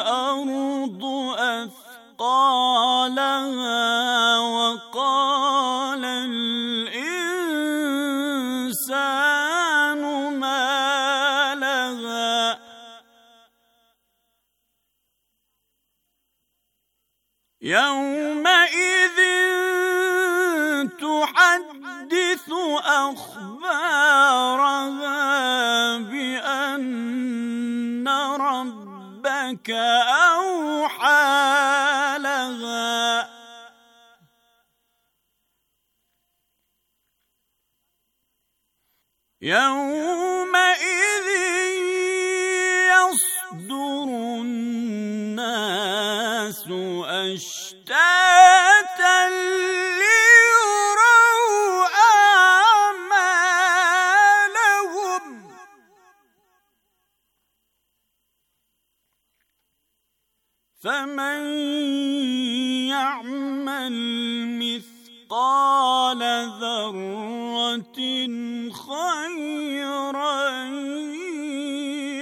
الأرض أثقالها كان ذره خيرا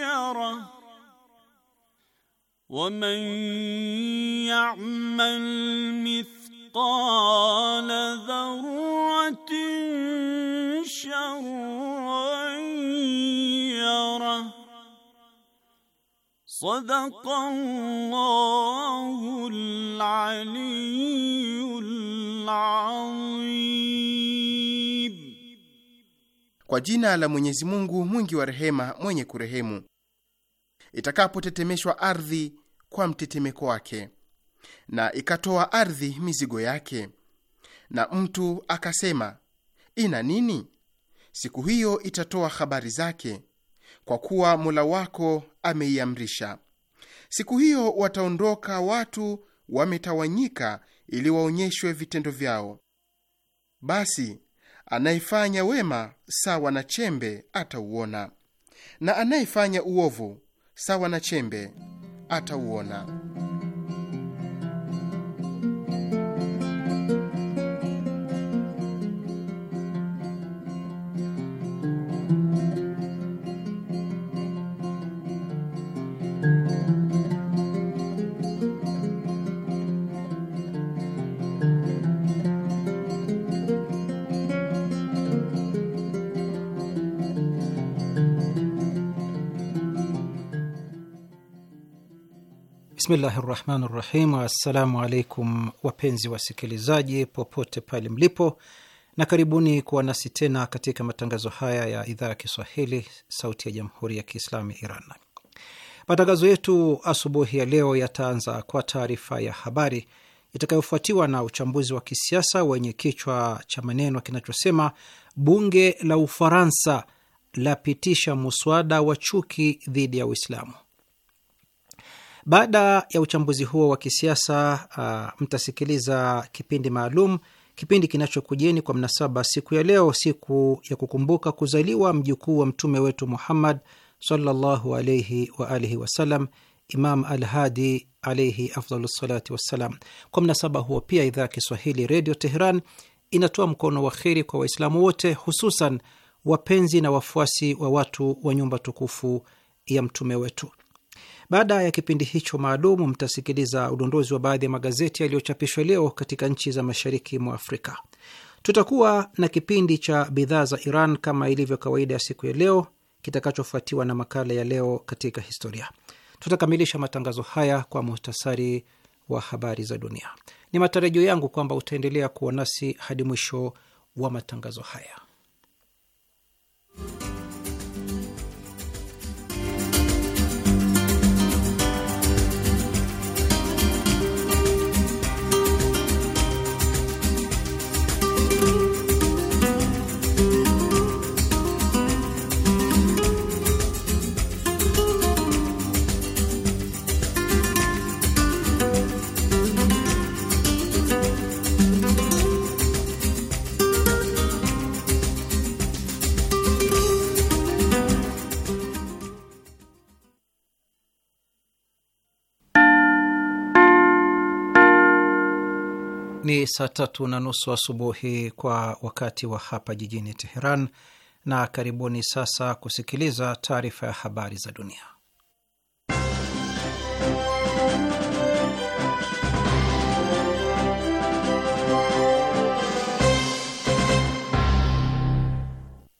يره ومن يعمل مثقال ذرة شرا يره صدق الله العلي العظيم Kwa jina la Mwenyezi Mungu mwingi wa rehema, mwenye kurehemu. Itakapotetemeshwa ardhi kwa mtetemeko wake, na ikatoa ardhi mizigo yake, na mtu akasema ina nini? Siku hiyo itatoa habari zake, kwa kuwa Mola wako ameiamrisha. Siku hiyo wataondoka watu wametawanyika, ili waonyeshwe vitendo vyao. Basi Anayefanya wema sawa na chembe atauona, na anayefanya uovu sawa na chembe atauona. Bismillahi rahmani rahim. Assalamu alaikum wapenzi wasikilizaji popote pale mlipo, na karibuni kuwa nasi tena katika matangazo haya ya idhaa ya Kiswahili sauti ya jamhuri ya Kiislami Iran. Matangazo yetu asubuhi ya leo yataanza kwa taarifa ya habari itakayofuatiwa na uchambuzi wa kisiasa wenye kichwa cha maneno kinachosema bunge la Ufaransa lapitisha muswada wa chuki dhidi ya Uislamu. Baada ya uchambuzi huo wa kisiasa uh, mtasikiliza kipindi maalum, kipindi kinachokujeni kwa mnasaba siku ya leo, siku ya kukumbuka kuzaliwa mjukuu wa mtume wetu Muhammad sallallahu alaihi wa alihi wasallam, Imam Alhadi alaihi afdalu salati wassalam. Kwa mnasaba huo pia idhaa ya Kiswahili Redio Teheran inatoa mkono wa kheri kwa Waislamu wote, hususan wapenzi na wafuasi wa watu wa nyumba tukufu ya mtume wetu. Baada ya kipindi hicho maalum, mtasikiliza udondozi wa baadhi ya magazeti yaliyochapishwa leo katika nchi za mashariki mwa Afrika. Tutakuwa na kipindi cha bidhaa za Iran kama ilivyo kawaida ya siku ya leo, kitakachofuatiwa na makala ya leo katika historia. Tutakamilisha matangazo haya kwa muhtasari wa habari za dunia. Ni matarajio yangu kwamba utaendelea kuwa nasi hadi mwisho wa matangazo haya. ni saa tatu na nusu asubuhi wa kwa wakati wa hapa jijini Teheran, na karibuni sasa kusikiliza taarifa ya habari za dunia.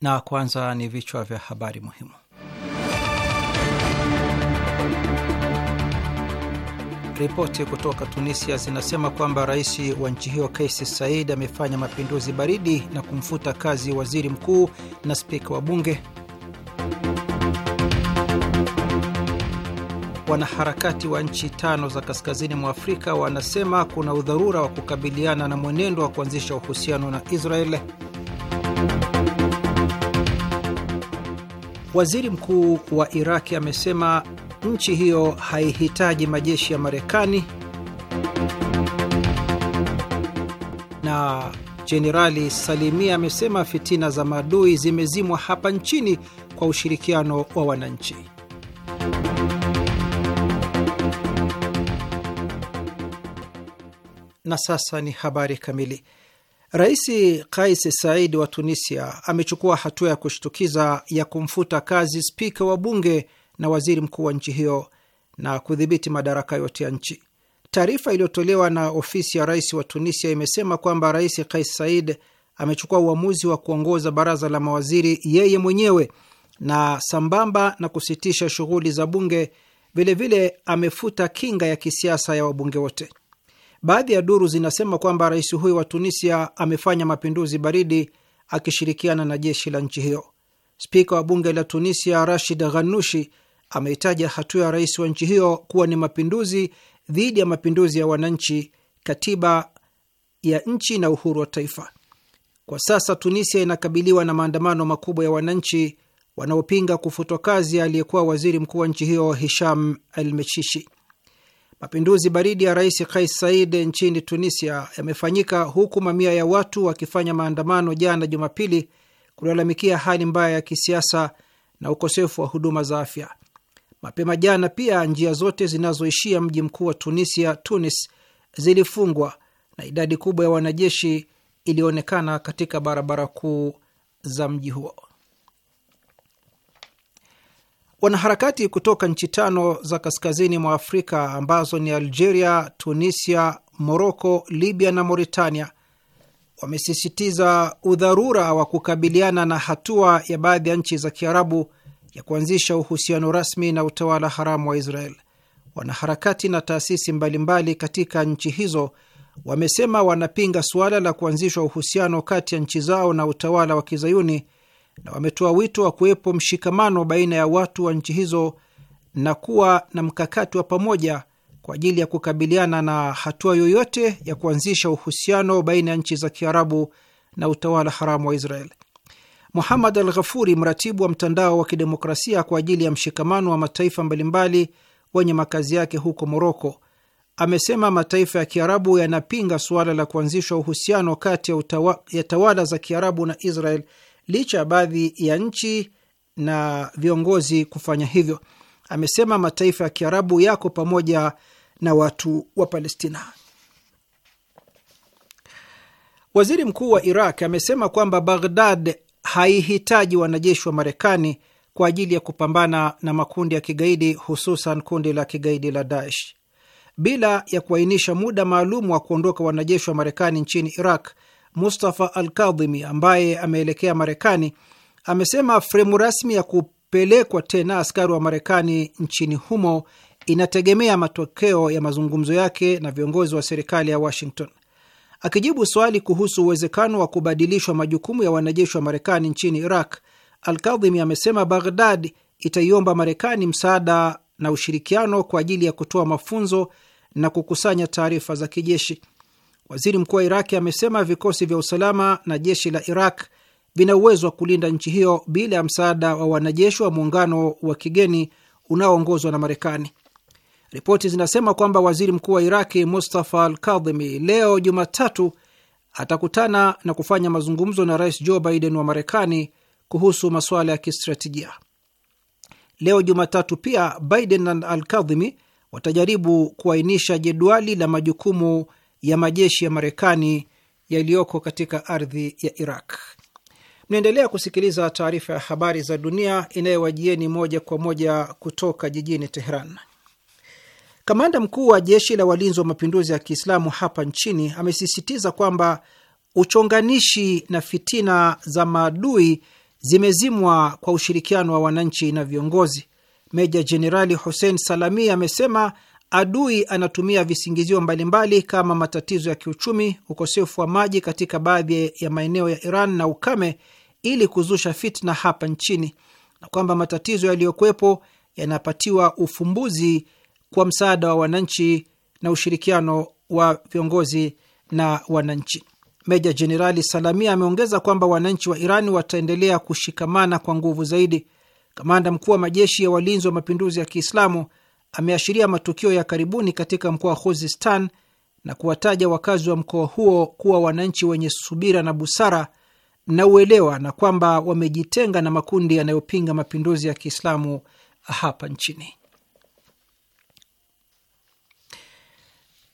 Na kwanza ni vichwa vya habari muhimu. Ripoti kutoka Tunisia zinasema kwamba rais wa nchi hiyo Kais Saied amefanya mapinduzi baridi na kumfuta kazi waziri mkuu na spika wa bunge. Wanaharakati wa nchi tano za kaskazini mwa Afrika wanasema kuna udharura wa kukabiliana na mwenendo wa kuanzisha uhusiano na israel Waziri mkuu wa Iraki amesema nchi hiyo haihitaji majeshi ya Marekani na Jenerali Salimia amesema fitina za maadui zimezimwa hapa nchini kwa ushirikiano wa wananchi. Na sasa ni habari kamili. Rais Kais Saidi wa Tunisia amechukua hatua ya kushtukiza ya kumfuta kazi spika wa bunge na waziri mkuu wa nchi hiyo na kudhibiti madaraka yote ya nchi. Taarifa iliyotolewa na ofisi ya rais wa Tunisia imesema kwamba Rais Kais Said amechukua uamuzi wa kuongoza baraza la mawaziri yeye mwenyewe na sambamba na kusitisha shughuli za bunge, vilevile amefuta kinga ya kisiasa ya wabunge wote. Baadhi ya duru zinasema kwamba rais huyo wa Tunisia amefanya mapinduzi baridi akishirikiana na jeshi la nchi hiyo. Spika wa bunge la Tunisia Rashid Ghanushi ameitaja hatua ya rais wa nchi hiyo kuwa ni mapinduzi dhidi ya mapinduzi ya wananchi, katiba ya nchi na uhuru wa taifa. Kwa sasa Tunisia inakabiliwa na maandamano makubwa ya wananchi wanaopinga kufutwa kazi aliyekuwa waziri mkuu wa nchi hiyo Hisham El Mechishi. Mapinduzi baridi ya rais Kais Saied nchini Tunisia yamefanyika huku mamia ya watu wakifanya maandamano jana Jumapili kulalamikia hali mbaya ya kisiasa na ukosefu wa huduma za afya. Mapema jana pia njia zote zinazoishia mji mkuu wa Tunisia, Tunis, zilifungwa na idadi kubwa ya wanajeshi ilionekana katika barabara kuu za mji huo. Wanaharakati kutoka nchi tano za kaskazini mwa Afrika ambazo ni Algeria, Tunisia, Moroko, Libya na Mauritania wamesisitiza udharura wa kukabiliana na hatua ya baadhi ya nchi za Kiarabu ya kuanzisha uhusiano rasmi na utawala haramu wa Israel. Wanaharakati na taasisi mbalimbali katika nchi hizo wamesema wanapinga suala la kuanzishwa uhusiano kati ya nchi zao na utawala wa Kizayuni, na wametoa wito wa kuwepo mshikamano baina ya watu wa nchi hizo na kuwa na mkakati wa pamoja kwa ajili ya kukabiliana na hatua yoyote ya kuanzisha uhusiano baina ya nchi za Kiarabu na utawala haramu wa Israel. Muhamad Al Ghafuri, mratibu wa mtandao wa kidemokrasia kwa ajili ya mshikamano wa mataifa mbalimbali wenye makazi yake huko Moroko, amesema mataifa ya Kiarabu yanapinga suala la kuanzishwa uhusiano kati ya, utawa, ya tawala za Kiarabu na Israel licha ya baadhi ya nchi na viongozi kufanya hivyo. Amesema mataifa ya Kiarabu yako pamoja na watu wa Palestina. Waziri mkuu wa Iraq amesema kwamba Baghdad haihitaji wanajeshi wa Marekani kwa ajili ya kupambana na makundi ya kigaidi, hususan kundi la kigaidi la Daesh. Bila ya kuainisha muda maalum wa kuondoka wanajeshi wa Marekani nchini Iraq, Mustafa Al Kadhimi ambaye ameelekea Marekani amesema fremu rasmi ya kupelekwa tena askari wa Marekani nchini humo inategemea matokeo ya mazungumzo yake na viongozi wa serikali ya Washington. Akijibu swali kuhusu uwezekano wa kubadilishwa majukumu ya wanajeshi wa Marekani nchini Iraq, Alkadhimi amesema Baghdad itaiomba Marekani msaada na ushirikiano kwa ajili ya kutoa mafunzo na kukusanya taarifa za kijeshi. Waziri mkuu wa Iraki amesema vikosi vya usalama na jeshi la Iraq vina uwezo wa kulinda nchi hiyo bila ya msaada wa wanajeshi wa muungano wa kigeni unaoongozwa na Marekani. Ripoti zinasema kwamba waziri mkuu wa iraqi Mustafa Al Kadhimi leo Jumatatu atakutana na kufanya mazungumzo na rais Joe Biden wa Marekani kuhusu masuala ya kistratejia. Leo Jumatatu pia Biden na Al Kadhimi watajaribu kuainisha jedwali la majukumu ya majeshi ya Marekani yaliyoko katika ardhi ya Iraq. Mnaendelea kusikiliza taarifa ya habari za dunia inayowajieni moja kwa moja kutoka jijini Teheran. Kamanda mkuu wa jeshi la walinzi wa mapinduzi ya Kiislamu hapa nchini amesisitiza kwamba uchonganishi na fitina za maadui zimezimwa kwa ushirikiano wa wananchi na viongozi. Meja Jenerali Hussein Salami amesema adui anatumia visingizio mbalimbali kama matatizo ya kiuchumi, ukosefu wa maji katika baadhi ya maeneo ya Iran na ukame ili kuzusha fitna hapa nchini na kwamba matatizo yaliyokuwepo yanapatiwa ufumbuzi kwa msaada wa wananchi na ushirikiano wa viongozi na wananchi. Meja Jenerali Salamia ameongeza kwamba wananchi wa Iran wataendelea kushikamana kwa nguvu zaidi. Kamanda mkuu wa majeshi ya walinzi wa mapinduzi ya Kiislamu ameashiria matukio ya karibuni katika mkoa wa Khuzistan na kuwataja wakazi wa mkoa huo kuwa wananchi wenye subira na busara na uelewa na kwamba wamejitenga na makundi yanayopinga mapinduzi ya Kiislamu hapa nchini.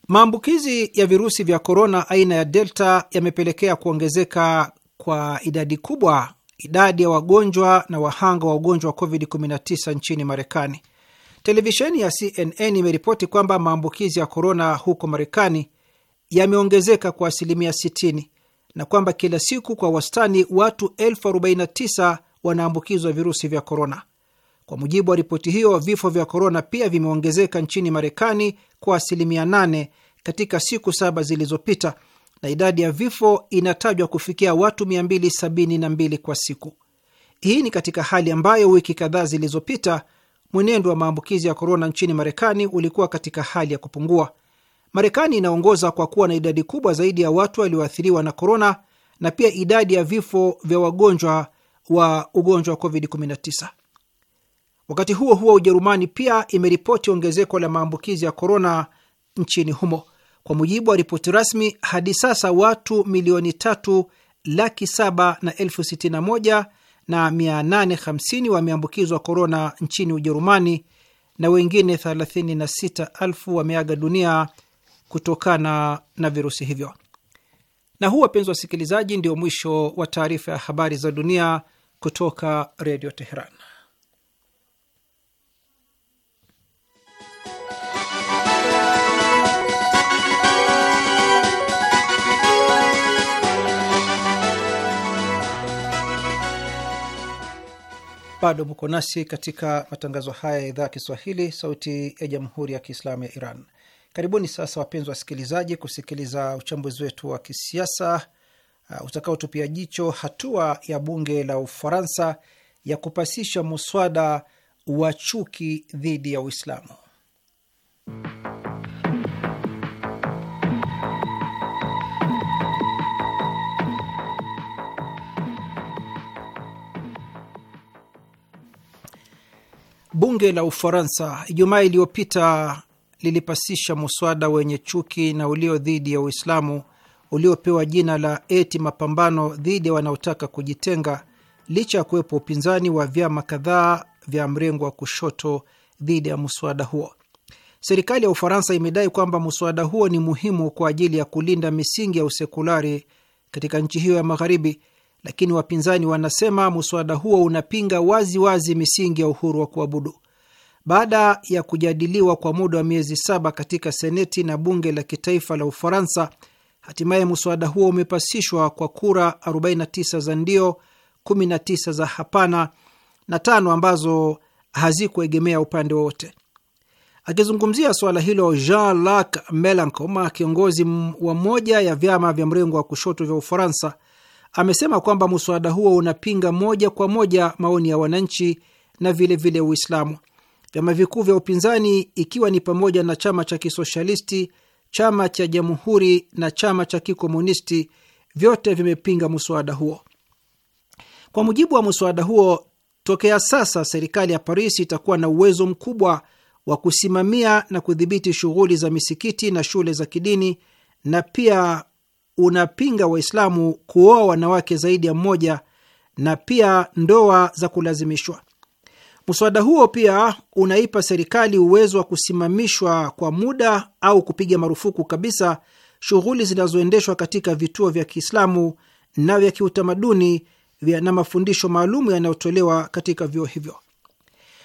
Maambukizi ya virusi vya korona aina ya Delta yamepelekea kuongezeka kwa idadi kubwa idadi ya wagonjwa na wahanga wa ugonjwa wa COVID-19 nchini Marekani. Televisheni ya CNN imeripoti kwamba maambukizi ya korona huko Marekani yameongezeka kwa asilimia 60 na kwamba kila siku kwa wastani watu elfu 49 wanaambukizwa virusi vya korona. Kwa mujibu wa ripoti hiyo, vifo vya korona pia vimeongezeka nchini Marekani kwa asilimia 8 katika siku saba zilizopita, na idadi ya vifo inatajwa kufikia watu 272 kwa siku. Hii ni katika hali ambayo wiki kadhaa zilizopita mwenendo wa maambukizi ya korona nchini Marekani ulikuwa katika hali ya kupungua. Marekani inaongoza kwa kuwa na idadi kubwa zaidi ya watu walioathiriwa na korona na pia idadi ya vifo vya wagonjwa wa ugonjwa wa COVID-19. Wakati huo huo, Ujerumani pia imeripoti ongezeko la maambukizi ya korona nchini humo. Kwa mujibu wa ripoti rasmi, hadi sasa watu milioni tatu laki saba na elfu sitini na moja na mia nane hamsini wameambukizwa korona nchini Ujerumani na wengine 36,000 wameaga dunia kutokana na virusi hivyo. Na huu, wapenzi wasikilizaji, ndio mwisho wa taarifa ya habari za dunia kutoka Redio Teheran. Bado mko nasi katika matangazo haya ya idhaa ya Kiswahili, sauti ya jamhuri ya kiislamu ya Iran. Karibuni sasa, wapenzi wasikilizaji, kusikiliza uchambuzi wetu wa kisiasa uh, utakaotupia jicho hatua ya bunge la Ufaransa ya kupasisha muswada wa chuki dhidi ya Uislamu. Bunge la Ufaransa Ijumaa iliyopita lilipasisha muswada wenye chuki na ulio dhidi ya Uislamu uliopewa jina la eti mapambano dhidi ya wanaotaka kujitenga, licha ya kuwepo upinzani wa vyama kadhaa vya mrengo wa kushoto dhidi ya muswada huo. Serikali ya Ufaransa imedai kwamba muswada huo ni muhimu kwa ajili ya kulinda misingi ya usekulari katika nchi hiyo ya magharibi lakini wapinzani wanasema muswada huo unapinga wazi wazi misingi ya uhuru wa kuabudu. Baada ya kujadiliwa kwa muda wa miezi saba katika seneti na bunge la kitaifa la Ufaransa, hatimaye muswada huo umepasishwa kwa kura 49 za ndio, 19 za hapana na tano ambazo hazikuegemea upande wowote. Akizungumzia suala hilo, Jean Luc Melenchon, kiongozi wa moja ya vyama vya mrengo wa kushoto vya Ufaransa, amesema kwamba mswada huo unapinga moja kwa moja maoni ya wananchi na vilevile Uislamu. Vyama vikuu vya upinzani ikiwa ni pamoja na chama cha kisoshalisti, chama cha jamhuri na chama cha kikomunisti vyote vimepinga mswada huo. Kwa mujibu wa mswada huo, tokea sasa serikali ya Paris itakuwa na uwezo mkubwa wa kusimamia na kudhibiti shughuli za misikiti na shule za kidini na pia unapinga Waislamu kuoa wanawake zaidi ya mmoja na pia ndoa za kulazimishwa. Mswada huo pia unaipa serikali uwezo wa kusimamishwa kwa muda au kupiga marufuku kabisa shughuli zinazoendeshwa katika vituo vya Kiislamu na vya kiutamaduni na mafundisho maalum yanayotolewa katika vyuo hivyo.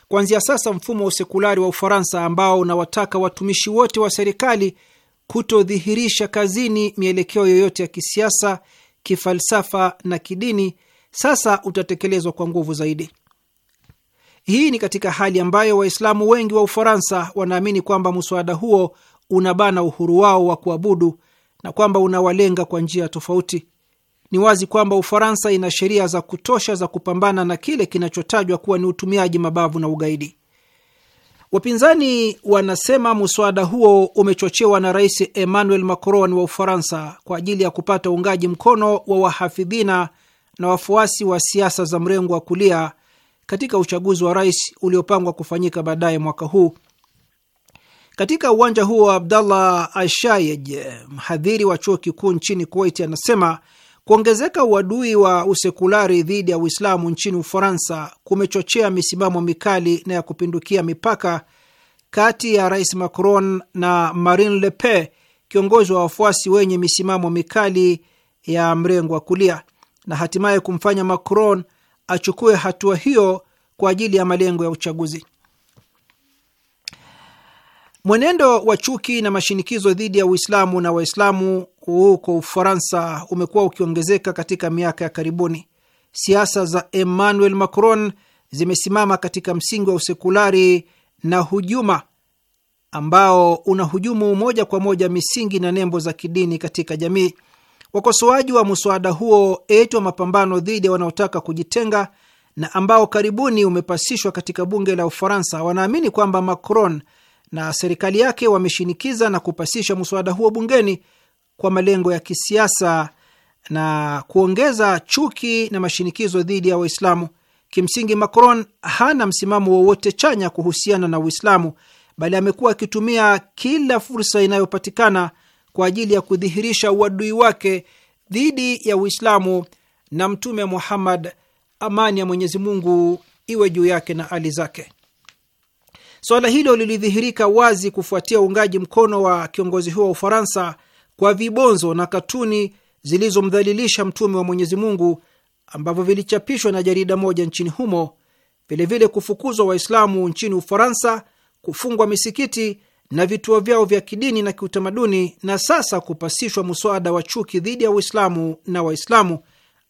Kuanzia sasa, mfumo wa usekulari wa Ufaransa ambao unawataka watumishi wote wa serikali kutodhihirisha kazini mielekeo yoyote ya kisiasa, kifalsafa na kidini, sasa utatekelezwa kwa nguvu zaidi. Hii ni katika hali ambayo Waislamu wengi wa Ufaransa wanaamini kwamba mswada huo unabana uhuru wao wa kuabudu na kwamba unawalenga kwa njia tofauti. Ni wazi kwamba Ufaransa ina sheria za kutosha za kupambana na kile kinachotajwa kuwa ni utumiaji mabavu na ugaidi. Wapinzani wanasema muswada huo umechochewa na Rais Emmanuel Macron wa Ufaransa kwa ajili ya kupata uungaji mkono wa wahafidhina na wafuasi wa siasa za mrengo wa kulia katika uchaguzi wa rais uliopangwa kufanyika baadaye mwaka huu. Katika uwanja huo, Abdallah Ashayej, mhadhiri wa chuo kikuu nchini Kuwait, anasema Kuongezeka uadui wa usekulari dhidi ya Uislamu nchini Ufaransa kumechochea misimamo mikali na ya kupindukia mipaka kati ya Rais Macron na Marine Le Pen, kiongozi wa wafuasi wenye misimamo mikali ya mrengo wa kulia, na hatimaye kumfanya Macron achukue hatua hiyo kwa ajili ya malengo ya uchaguzi. Mwenendo wa chuki na mashinikizo dhidi ya Uislamu na Waislamu huko Ufaransa umekuwa ukiongezeka katika miaka ya karibuni. Siasa za Emmanuel Macron zimesimama katika msingi wa usekulari na hujuma ambao unahujumu moja kwa moja misingi na nembo za kidini katika jamii. Wakosoaji wa mswada huo etwa mapambano dhidi ya wanaotaka kujitenga na ambao karibuni umepasishwa katika bunge la Ufaransa wanaamini kwamba Macron na serikali yake wameshinikiza na kupasisha mswada huo bungeni kwa malengo ya kisiasa na kuongeza chuki na mashinikizo dhidi ya Waislamu. Kimsingi, Macron hana msimamo wowote chanya kuhusiana na Uislamu, bali amekuwa akitumia kila fursa inayopatikana kwa ajili ya kudhihirisha uadui wake dhidi ya Uislamu na Mtume Muhammad, amani ya Mwenyezi Mungu iwe juu yake na ali zake. Suala hilo lilidhihirika wazi kufuatia uungaji mkono wa kiongozi huo wa Ufaransa kwa vibonzo na katuni zilizomdhalilisha mtume wa Mwenyezi Mungu ambavyo vilichapishwa na jarida moja nchini humo, vilevile kufukuzwa Waislamu nchini Ufaransa, kufungwa misikiti na vituo vyao vya kidini na kiutamaduni, na sasa kupasishwa mswada wa chuki dhidi ya Uislamu na Waislamu,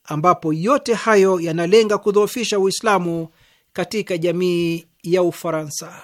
ambapo yote hayo yanalenga kudhoofisha Uislamu katika jamii ya Ufaransa.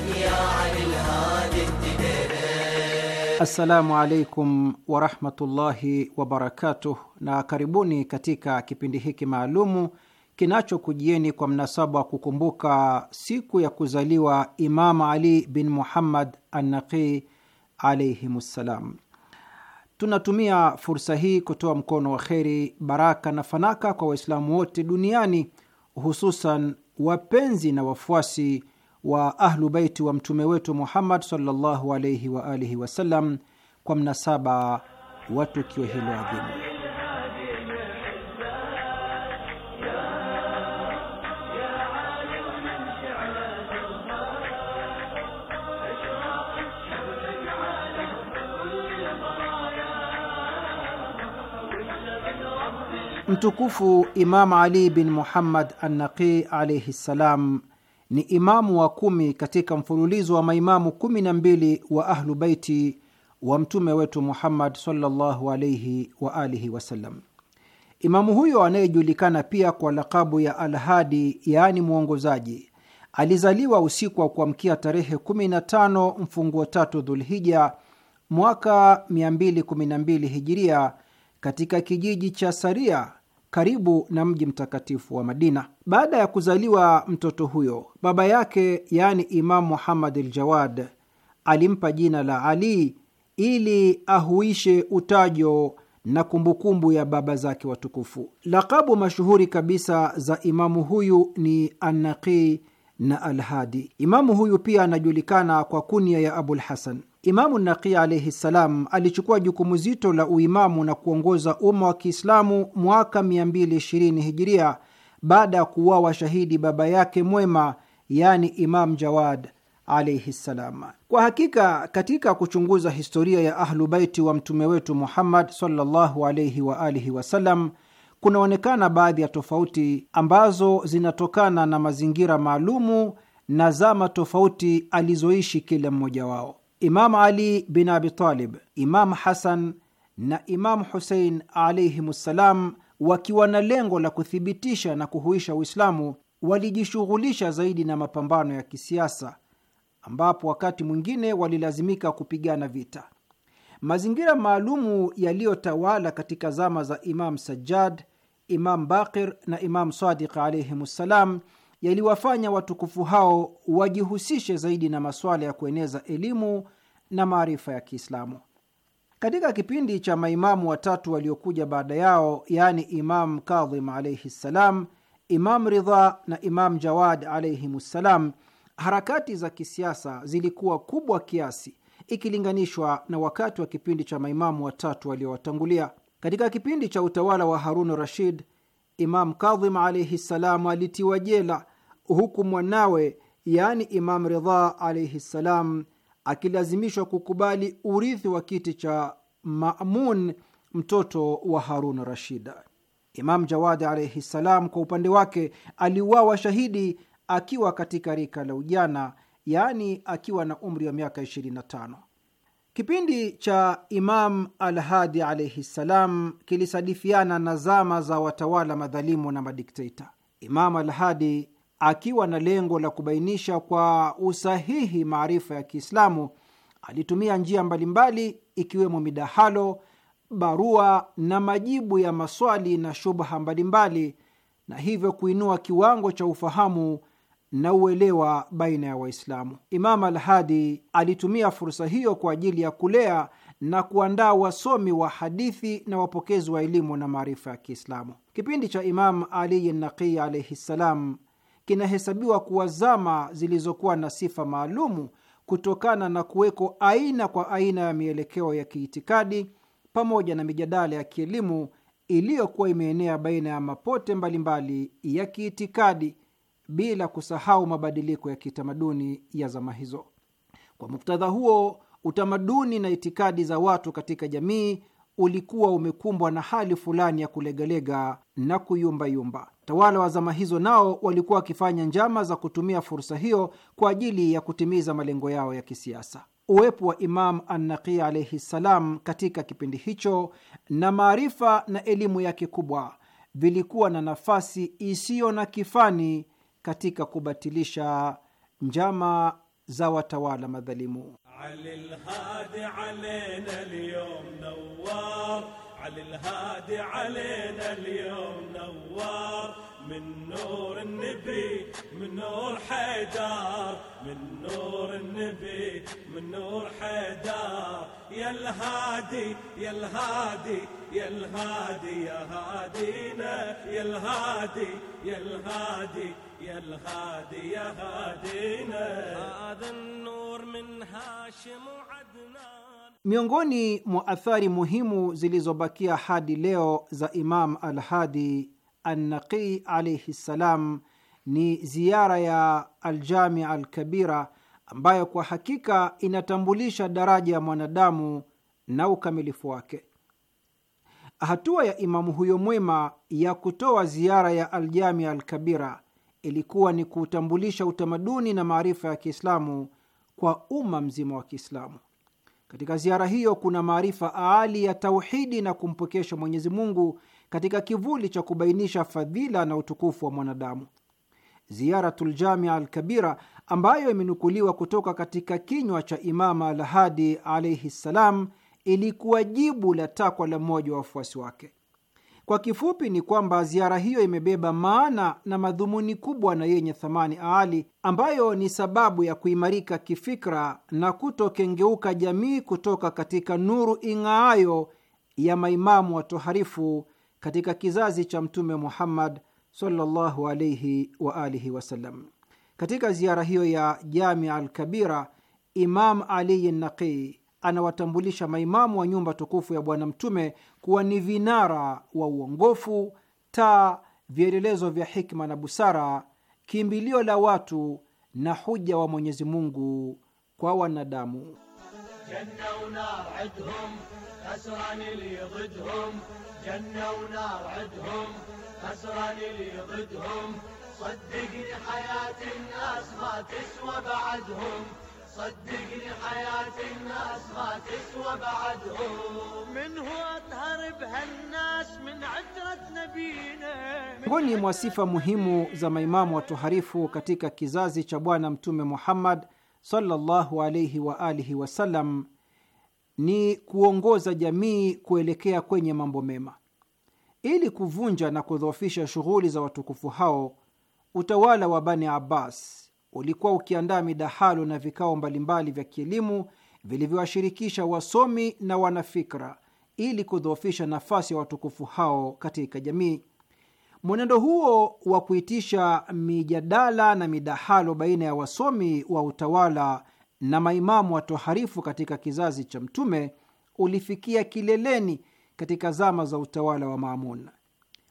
Assalamu alaikum warahmatullahi wabarakatuh, na karibuni katika kipindi hiki maalumu kinachokujieni kwa mnasaba wa kukumbuka siku ya kuzaliwa Imam Ali bin Muhammad Annaqi alaihimssalam. Tunatumia fursa hii kutoa mkono wa kheri, baraka na fanaka kwa Waislamu wote duniani, hususan wapenzi na wafuasi wa Ahlu Baiti wa mtume wetu Muhammad sallallahu alaihi wa alihi wasallam kwa mnasaba wa tukio hilo adhimu. Mtukufu Imam Ali bin Muhammad Annaqi alaihi ssalam ni imamu wa kumi katika mfululizo wa maimamu kumi na mbili wa Ahlu Baiti wa mtume wetu Muhammad sallallahu alaihi wa alihi wasallam. Imamu huyo anayejulikana pia kwa lakabu ya Alhadi, yaani mwongozaji, alizaliwa usiku wa kuamkia tarehe 15 mfunguo tatu Dhulhija mwaka 212 hijiria katika kijiji cha Saria karibu na mji mtakatifu wa Madina. Baada ya kuzaliwa mtoto huyo, baba yake yaani Imamu Muhammad al-Jawad alimpa jina la Ali ili ahuishe utajo na kumbukumbu ya baba zake watukufu. Lakabu mashuhuri kabisa za imamu huyu ni Annaqi na Alhadi. Imamu huyu pia anajulikana kwa kunia ya Abul Hasan. Imamu Naqi alaihi ssalam alichukua jukumu zito la uimamu na kuongoza umma wa Kiislamu mwaka 220 hijiria baada ya kuuawa shahidi baba yake mwema, yani Imam Jawad alaihi ssalam. Kwa hakika katika kuchunguza historia ya Ahlubaiti wa mtume wetu Muhammad sallallahu alaihi wa alihi wasallam kunaonekana baadhi ya tofauti ambazo zinatokana na mazingira maalumu na zama tofauti alizoishi kila mmoja wao. Imam Ali bin Abi Talib, Imam Hasan na Imamu Husein ssalam wakiwa na lengo la kuthibitisha na kuhuisha Uislamu, walijishughulisha zaidi na mapambano ya kisiasa, ambapo wakati mwingine walilazimika kupigana vita. Mazingira maalumu yaliyotawala katika zama za Imam Sajjad, Imam Bakir na Imam Sadiq ssalam yaliwafanya watukufu hao wajihusishe zaidi na masuala ya kueneza elimu na maarifa ya Kiislamu. Katika kipindi cha maimamu watatu waliokuja baada yao, yaani Imam Kadhim alaihi ssalam, Imam Ridha na Imam Jawad alaihim ssalam, harakati za kisiasa zilikuwa kubwa kiasi ikilinganishwa na wakati wa kipindi cha maimamu watatu waliowatangulia. Katika kipindi cha utawala wa Harun Rashid, Imam Kadhim alaihi ssalam alitiwa jela huku mwanawe yaani Imam Ridha alaihi ssalam akilazimishwa kukubali urithi wa kiti cha Mamun, mtoto wa Harun Rashid. Imam Jawadi alaihi ssalam kwa upande wake aliuawa shahidi akiwa katika rika la ujana, yaani akiwa na umri wa miaka 25. Kipindi cha Imam Alhadi alaihi ssalam kilisadifiana na zama za watawala madhalimu na madikteta. Imam Alhadi akiwa na lengo la kubainisha kwa usahihi maarifa ya Kiislamu, alitumia njia mbalimbali ikiwemo midahalo, barua na majibu ya maswali na shubha mbalimbali, na hivyo kuinua kiwango cha ufahamu na uelewa baina ya Waislamu. Imam Alhadi alitumia fursa hiyo kwa ajili ya kulea na kuandaa wasomi wa hadithi na wapokezi wa elimu na maarifa ya Kiislamu. Kipindi cha Imam Ali alaihi ssalam kinahesabiwa kuwa zama zilizokuwa na sifa maalumu kutokana na kuweko aina kwa aina ya mielekeo ya kiitikadi pamoja na mijadala ya kielimu iliyokuwa imeenea baina ya mapote mbalimbali mbali ya kiitikadi bila kusahau mabadiliko ya kitamaduni ya zama hizo. Kwa muktadha huo, utamaduni na itikadi za watu katika jamii ulikuwa umekumbwa na hali fulani ya kulegalega na kuyumbayumba. Tawala wa zama hizo nao walikuwa wakifanya njama za kutumia fursa hiyo kwa ajili ya kutimiza malengo yao ya kisiasa. Uwepo wa Imam Annaqi alaihi ssalam katika kipindi hicho na maarifa na elimu yake kubwa vilikuwa na nafasi isiyo na kifani katika kubatilisha njama za watawala madhalimu. علي الهادي علينا اليوم نوار علي الهادي علينا اليوم نوار من نور النبي من نور حيدار من نور النبي من نور حيدار يا الهادي يا الهادي يا الهادي يا هادينا يا الهادي يا الهادي يا الهادي يا هادينا هذا النور Miongoni mwa athari muhimu zilizobakia hadi leo za Imam Alhadi Annaqi alaihi ssalam ni ziara ya Aljamia Alkabira ambayo kwa hakika inatambulisha daraja ya mwanadamu na ukamilifu wake. Hatua ya imamu huyo mwema ya kutoa ziara ya Aljamia Alkabira ilikuwa ni kuutambulisha utamaduni na maarifa ya Kiislamu kwa umma mzima wa Kiislamu. Katika ziara hiyo kuna maarifa aali ya tauhidi na kumpokesha Mwenyezi Mungu katika kivuli cha kubainisha fadhila na utukufu wa mwanadamu. ziaratul Jamia Alkabira ambayo imenukuliwa kutoka katika kinywa cha Imama Alhadi alaihi ssalam ilikuwa jibu la takwa la mmoja wa wafuasi wake. Kwa kifupi ni kwamba ziara hiyo imebeba maana na madhumuni kubwa na yenye thamani aali, ambayo ni sababu ya kuimarika kifikra na kutokengeuka jamii kutoka katika nuru ing'aayo ya maimamu watoharifu katika kizazi cha Mtume Muhammad sallallahu alaihi wa alihi wasallam. Katika ziara hiyo ya Jamia Alkabira, Imam Ali naqii anawatambulisha maimamu wa nyumba tukufu ya Bwana Mtume kuwa ni vinara wa uongofu, taa, vielelezo vya hikma na busara, kimbilio la watu na huja wa Mwenyezi Mungu kwa wanadamu. صدقني حياة الناس ما تسوى بعدهم من هو أطهر بهالناس من عترة نبينا Miongoni mwa sifa muhimu za maimamu watoharifu katika kizazi cha Bwana Mtume Muhammad sallallahu wa alihi wasallam ni kuongoza jamii kuelekea kwenye mambo mema. Ili kuvunja na kudhoofisha shughuli za watukufu hao, utawala wa Bani Abbas ulikuwa ukiandaa midahalo na vikao mbalimbali vya kielimu vilivyowashirikisha wasomi na wanafikra ili kudhoofisha nafasi ya watukufu hao katika jamii. Mwenendo huo wa kuitisha mijadala na midahalo baina ya wasomi wa utawala na maimamu watoharifu katika kizazi cha Mtume ulifikia kileleni katika zama za utawala wa Maamuna.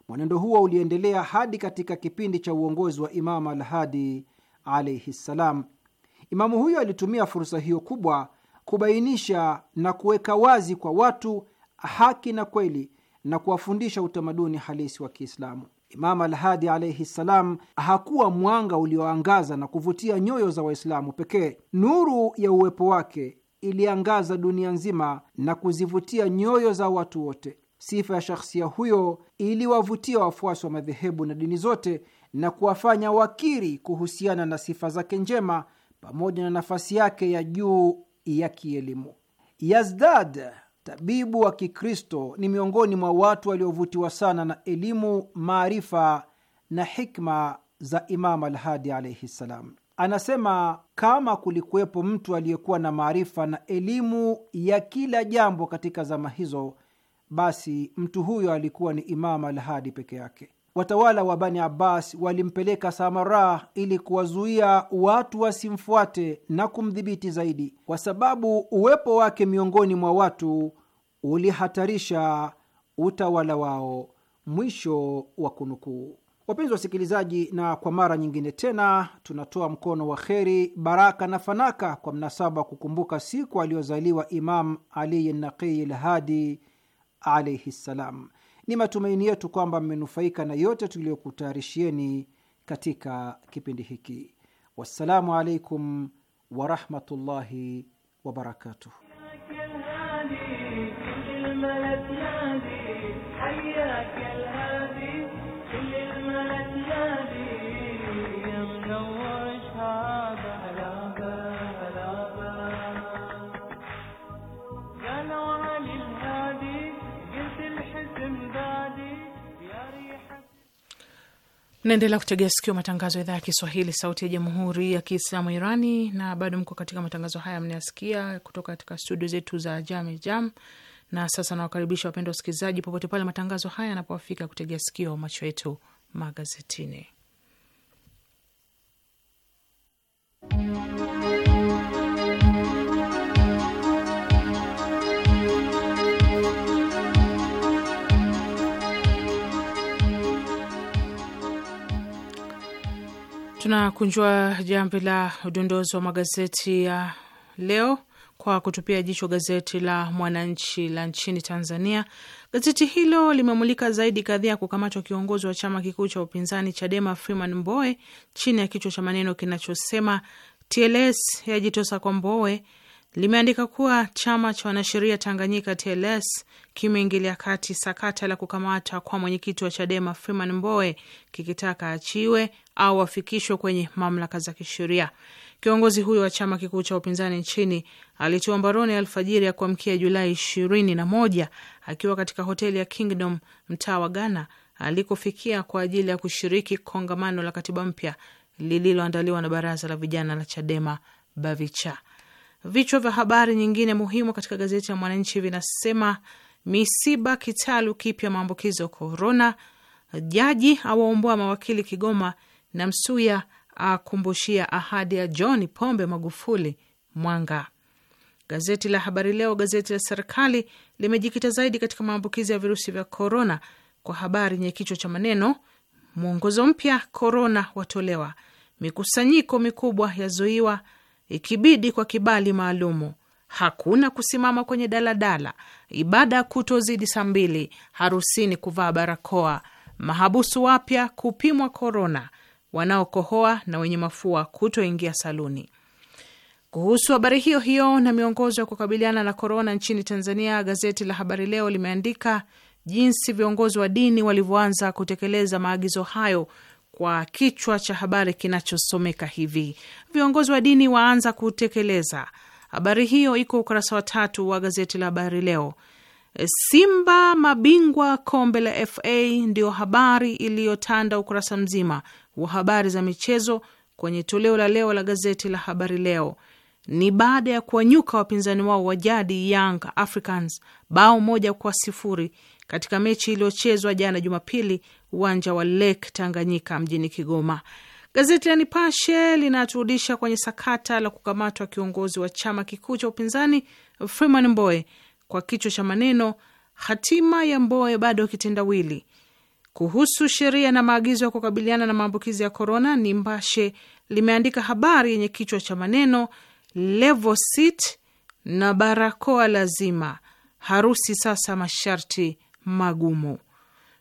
Mwenendo huo uliendelea hadi katika kipindi cha uongozi wa Imamu Alhadi alaihi ssalam. Imamu huyo alitumia fursa hiyo kubwa kubainisha na kuweka wazi kwa watu haki na kweli na kuwafundisha utamaduni halisi wa Kiislamu. Imamu Alhadi alaihi ssalam hakuwa mwanga ulioangaza na kuvutia nyoyo za Waislamu pekee. Nuru ya uwepo wake iliangaza dunia nzima na kuzivutia nyoyo za watu wote. Sifa ya shakhsia huyo iliwavutia wafuasi wa madhehebu na dini zote na kuwafanya wakiri kuhusiana na sifa zake njema pamoja na nafasi yake ya juu ya kielimu. Yazdad, tabibu wa Kikristo, ni miongoni mwa watu waliovutiwa sana na elimu, maarifa na hikma za Imam Alhadi alaihi ssalam. Anasema, kama kulikuwepo mtu aliyekuwa na maarifa na elimu ya kila jambo katika zama hizo, basi mtu huyo alikuwa ni Imam Alhadi peke yake watawala wa Bani Abbas walimpeleka Samara ili kuwazuia watu wasimfuate na kumdhibiti zaidi, kwa sababu uwepo wake miongoni mwa watu ulihatarisha utawala wao. Mwisho wa kunukuu. Wapenzi wasikilizaji, na kwa mara nyingine tena tunatoa mkono wa kheri, baraka na fanaka kwa mnasaba wa kukumbuka siku aliyozaliwa Imam Ali Naqiyi Lhadi alaihi ssalam. Ni matumaini yetu kwamba mmenufaika na yote tuliyokutayarishieni katika kipindi hiki. Wassalamu alaikum warahmatullahi wabarakatuh. Naendelea kutegea sikio matangazo ya idhaa ya Kiswahili, sauti ya jamhuri ya kiislamu Irani, na bado mko katika matangazo haya mnayasikia kutoka katika studio zetu za Jame Jam. Na sasa nawakaribisha wapendwa wasikilizaji, popote pale matangazo haya yanapowafika, kutegea sikio macho yetu magazetini. Tunakunjua jamvi la udondozi wa magazeti ya leo kwa kutupia jicho gazeti la Mwananchi la nchini Tanzania. Gazeti hilo limemulika zaidi kadhia ya kukamatwa kiongozi wa chama kikuu cha upinzani Chadema Freeman Mbowe chini ya kichwa cha maneno kinachosema TLS yajitosa kwa Mbowe limeandika kuwa chama cha wanasheria Tanganyika TLS kimeingilia kati sakata la kukamata kwa mwenyekiti wa CHADEMA Freeman Mbowe kikitaka achiwe au afikishwe kwenye mamlaka za kisheria. Kiongozi huyo wa chama kikuu cha upinzani nchini alitiwa mbaroni alfajiri ya kuamkia Julai ishirini na moja akiwa katika hoteli ya Kingdom mtaa wa Ghana alikofikia kwa ajili ya kushiriki kongamano la katiba mpya lililoandaliwa na baraza la vijana la CHADEMA BAVICHA. Vichwa vya habari nyingine muhimu katika gazeti la Mwananchi vinasema: misiba kitalu kipya maambukizo korona, jaji awaomboa mawakili Kigoma, na Msuya akumbushia ahadi ya John Pombe Magufuli Mwanga. Gazeti la Habari Leo, gazeti la serikali, limejikita zaidi katika maambukizi ya virusi vya korona kwa habari yenye kichwa cha maneno mwongozo mpya korona watolewa, mikusanyiko mikubwa yazuiwa ikibidi kwa kibali maalumu. Hakuna kusimama kwenye daladala, ibada kutozidi saa mbili, harusini kuvaa barakoa, mahabusu wapya kupimwa korona, wanaokohoa na wenye mafua kutoingia saluni. Kuhusu habari hiyo hiyo na miongozo ya kukabiliana na korona nchini Tanzania, gazeti la Habari Leo limeandika jinsi viongozi wa dini walivyoanza kutekeleza maagizo hayo kwa kichwa cha habari kinachosomeka hivi: viongozi wa dini waanza kutekeleza. Habari hiyo iko ukurasa wa tatu wa gazeti la Habari Leo. Simba mabingwa kombe la FA ndio habari iliyotanda ukurasa mzima wa habari za michezo kwenye toleo la leo la gazeti la Habari Leo. Ni baada ya kuwanyuka wapinzani wao wa jadi Young Africans bao moja kwa sifuri katika mechi iliyochezwa jana Jumapili uwanja wa Lake Tanganyika mjini Kigoma. Gazeti la Nipashe linaturudisha kwenye sakata la kukamatwa kiongozi wa chama kikuu cha upinzani Freeman Mbowe kwa kichwa cha maneno hatima ya Mbowe bado kitendawili. Kuhusu sheria na maagizo ya kukabiliana na maambukizi ya korona, Nipashe limeandika habari yenye kichwa cha maneno Levosit na barakoa lazima, harusi sasa masharti magumu.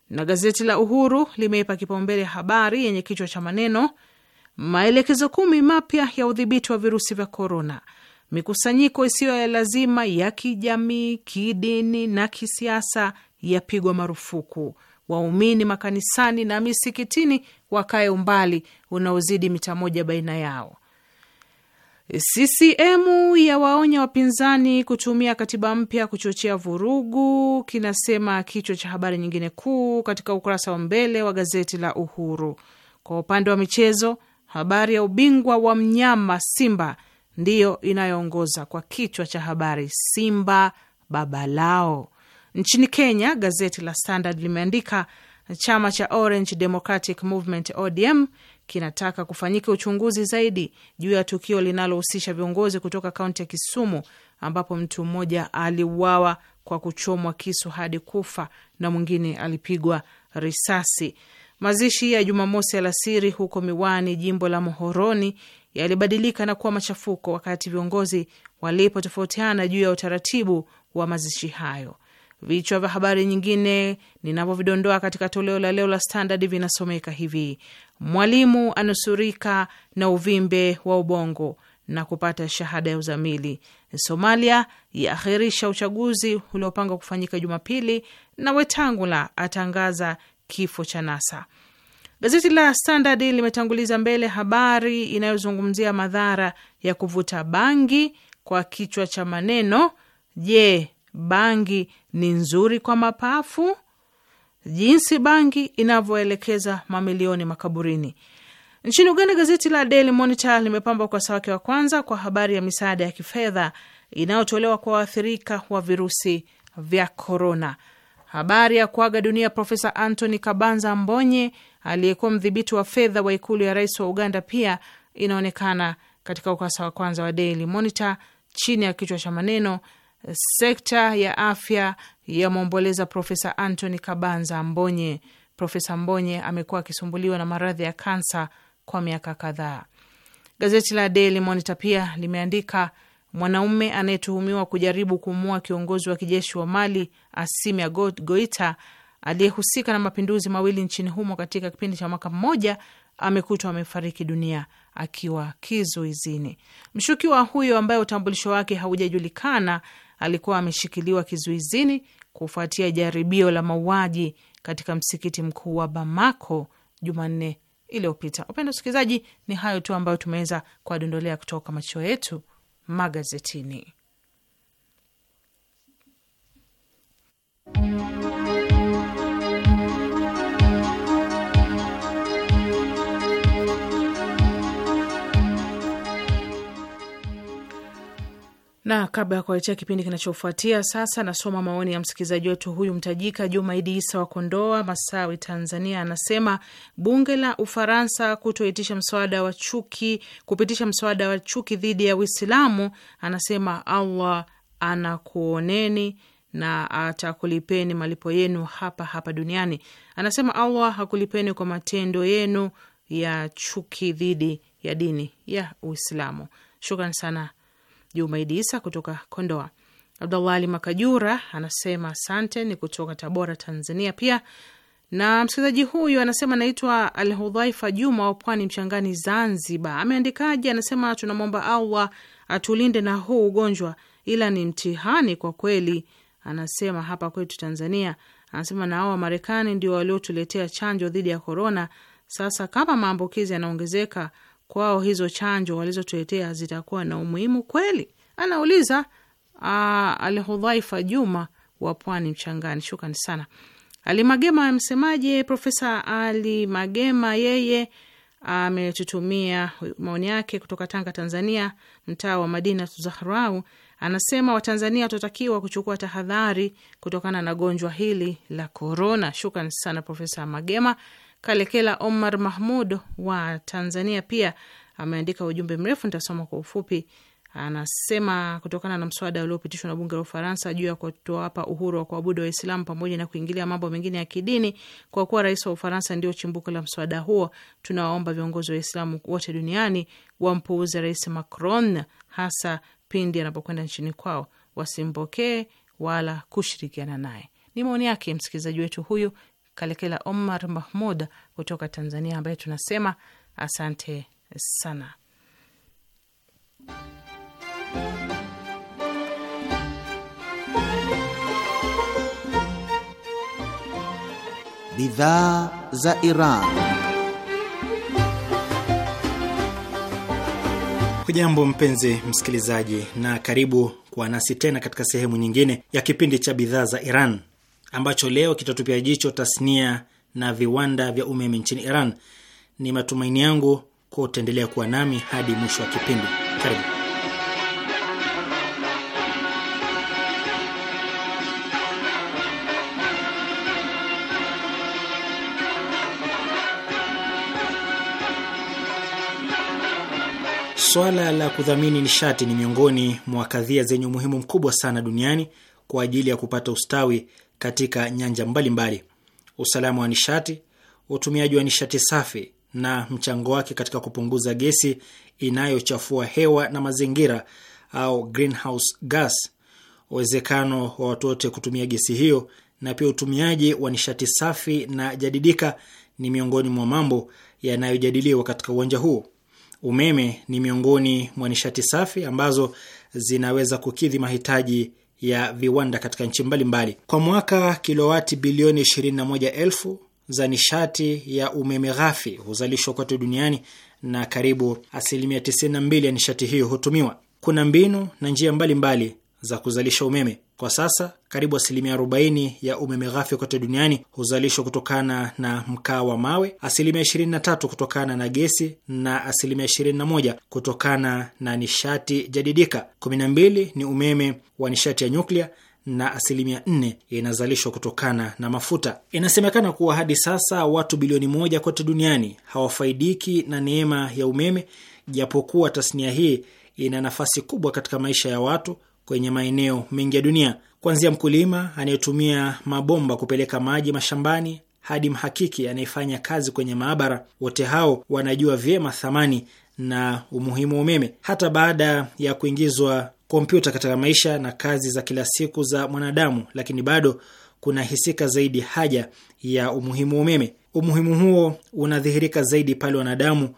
Na gazeti la Uhuru limeipa kipaumbele habari yenye kichwa cha maneno maelekezo kumi mapya ya udhibiti wa virusi vya korona. Mikusanyiko isiyo ya lazima ya kijamii, kidini na kisiasa yapigwa marufuku. Waumini makanisani na misikitini wakae umbali unaozidi mita moja baina yao. CCM yawaonya wapinzani kutumia katiba mpya kuchochea vurugu, kinasema kichwa cha habari nyingine kuu katika ukurasa wa mbele wa gazeti la Uhuru. Kwa upande wa michezo, habari ya ubingwa wa mnyama Simba ndiyo inayoongoza kwa kichwa cha habari, Simba baba lao. Nchini Kenya, gazeti la Standard limeandika chama cha Orange Democratic Movement ODM kinataka kufanyika uchunguzi zaidi juu ya tukio linalohusisha viongozi kutoka kaunti ya Kisumu ambapo mtu mmoja aliuawa kwa kuchomwa kisu hadi kufa na mwingine alipigwa risasi. Mazishi ya Jumamosi alasiri huko Miwani, jimbo la Mohoroni, yalibadilika na kuwa machafuko wakati viongozi walipotofautiana juu ya utaratibu wa mazishi hayo. Vichwa vya habari nyingine ninavyovidondoa katika toleo la leo la Standard vinasomeka hivi: mwalimu anusurika na uvimbe wa ubongo na kupata shahada ya uzamili. Somalia yaahirisha uchaguzi uliopangwa kufanyika Jumapili, na Wetangula atangaza kifo cha NASA. Gazeti la Standard limetanguliza mbele habari inayozungumzia madhara ya kuvuta bangi kwa kichwa cha maneno, je, bangi ni nzuri kwa mapafu, jinsi bangi inavyoelekeza mamilioni makaburini. Nchini Uganda, gazeti la Daily Monitor limepamba ukurasa wake wa kwanza kwa habari ya misaada ya kifedha inayotolewa kwa waathirika wa virusi vya korona. Habari ya kuaga dunia Profesa Anthony Kabanza Mbonye aliyekuwa mdhibiti wa fedha wa ikulu ya rais wa Uganda pia inaonekana katika ukurasa wa kwanza wa Daily Monitor chini ya kichwa cha maneno Eh, sekta ya afya yamwomboleza Profesa antony Kabanza Mbonye. Profesa Mbonye amekuwa akisumbuliwa na maradhi ya kansa kwa miaka kadhaa. Gazeti la Daily Monitor pia limeandika mwanaume anayetuhumiwa kujaribu kumua kiongozi wa kijeshi wa Mali Asimia Goita aliyehusika na mapinduzi mawili nchini humo katika kipindi cha mwaka mmoja amekutwa amefariki dunia akiwa kizuizini. Mshukiwa huyo ambaye utambulisho wake haujajulikana alikuwa ameshikiliwa kizuizini kufuatia jaribio la mauaji katika msikiti mkuu wa Bamako Jumanne iliyopita. Upendo usikilizaji, ni hayo tu ambayo tumeweza kuwadondolea kutoka macho yetu magazetini. Na kabla ya kuwaletea kipindi kinachofuatia sasa, nasoma maoni ya msikilizaji wetu huyu mtajika Jumaidi Isa wa Kondoa Masawi, Tanzania. Anasema bunge la Ufaransa kutoitisha mswada wa chuki, kupitisha mswada wa chuki dhidi ya Uislamu, anasema Allah anakuoneni na atakulipeni malipo yenu hapa hapa duniani. Anasema Allah hakulipeni kwa matendo yenu ya chuki dhidi ya dini ya Uislamu. Shukran sana Jumaidi Isa kutoka Kondoa. Abdullah Ali Makajura anasema asante, ni kutoka Tabora, Tanzania pia. Na msikilizaji huyu anasema anaitwa Al Hudhaifa Juma wa Pwani Mchangani, Zanzibar. Ameandikaje? Anasema tunamwomba Allah atulinde na huu ugonjwa, ila ni mtihani kwa kweli. Anasema hapa kwetu Tanzania, anasema na hao Wamarekani ndio waliotuletea chanjo dhidi ya korona. Sasa kama maambukizi yanaongezeka kwao hizo chanjo walizotuletea zitakuwa na umuhimu kweli? Anauliza ah, Alhudhaifa Juma wa Pwani Mchangani. Shukrani sana Ali Magema, msemaji Profesa Ali Magema, yeye ametutumia maoni yake kutoka Tanga, Tanzania, mtaa wa Madina Tuzahrau. Anasema Watanzania watatakiwa kuchukua tahadhari kutokana na gonjwa hili la korona. Shukrani sana Profesa Magema. Kalekela Omar Mahmud wa Tanzania pia ameandika ujumbe mrefu, nitasoma kwa ufupi. Anasema kutokana na mswada uliopitishwa na bunge la Ufaransa juu ya kuwapa uhuru wa kuabudu Waislamu pamoja na kuingilia mambo mengine ya kidini, kwa kuwa rais wa Ufaransa ndio chimbuko la mswada huo, tunawaomba viongozi wa Waislamu wote duniani wampuuze Rais Macron, hasa pindi anapokwenda nchini kwao, wasimpokee wala kushirikiana naye. Ni maoni yake msikilizaji wetu huyu Kalekela Omar Mahmud kutoka Tanzania, ambaye tunasema asante sana. Bidhaa za Iran. Hujambo mpenzi msikilizaji, na karibu kuwa nasi tena katika sehemu nyingine ya kipindi cha bidhaa za Iran ambacho leo kitatupia jicho tasnia na viwanda vya umeme nchini Iran. Ni matumaini yangu kwa utaendelea kuwa nami hadi mwisho wa kipindi. Karibu. Swala la kudhamini nishati ni miongoni mwa kadhia zenye umuhimu mkubwa sana duniani kwa ajili ya kupata ustawi katika nyanja mbalimbali: usalama wa nishati, utumiaji wa nishati safi na mchango wake katika kupunguza gesi inayochafua hewa na mazingira au greenhouse gas, uwezekano wa watu wote kutumia gesi hiyo, na pia utumiaji wa nishati safi na jadidika ni miongoni mwa mambo yanayojadiliwa katika uwanja huo. Umeme ni miongoni mwa nishati safi ambazo zinaweza kukidhi mahitaji ya viwanda katika nchi mbalimbali. Kwa mwaka kilowati bilioni 21,000 za nishati ya umeme ghafi huzalishwa kote duniani na karibu asilimia 92 ya nishati hiyo hutumiwa. Kuna mbinu na njia mbalimbali mbali za kuzalisha umeme. Kwa sasa karibu asilimia 40 ya umeme ghafi kote duniani huzalishwa kutokana na mkaa wa mawe, asilimia 23 kutokana na gesi na asilimia 21 kutokana na nishati jadidika. 12 ni umeme wa nishati ya nyuklia na asilimia 4 inazalishwa kutokana na mafuta. Inasemekana kuwa hadi sasa watu bilioni moja kote duniani hawafaidiki na neema ya umeme, japokuwa tasnia hii ina nafasi kubwa katika maisha ya watu kwenye maeneo mengi ya dunia, kuanzia mkulima anayetumia mabomba kupeleka maji mashambani hadi mhakiki anayefanya kazi kwenye maabara. Wote hao wanajua vyema thamani na umuhimu wa umeme. Hata baada ya kuingizwa kompyuta katika maisha na kazi za kila siku za mwanadamu, lakini bado kuna hisika zaidi haja ya umuhimu wa umeme. Umuhimu huo unadhihirika zaidi pale wanadamu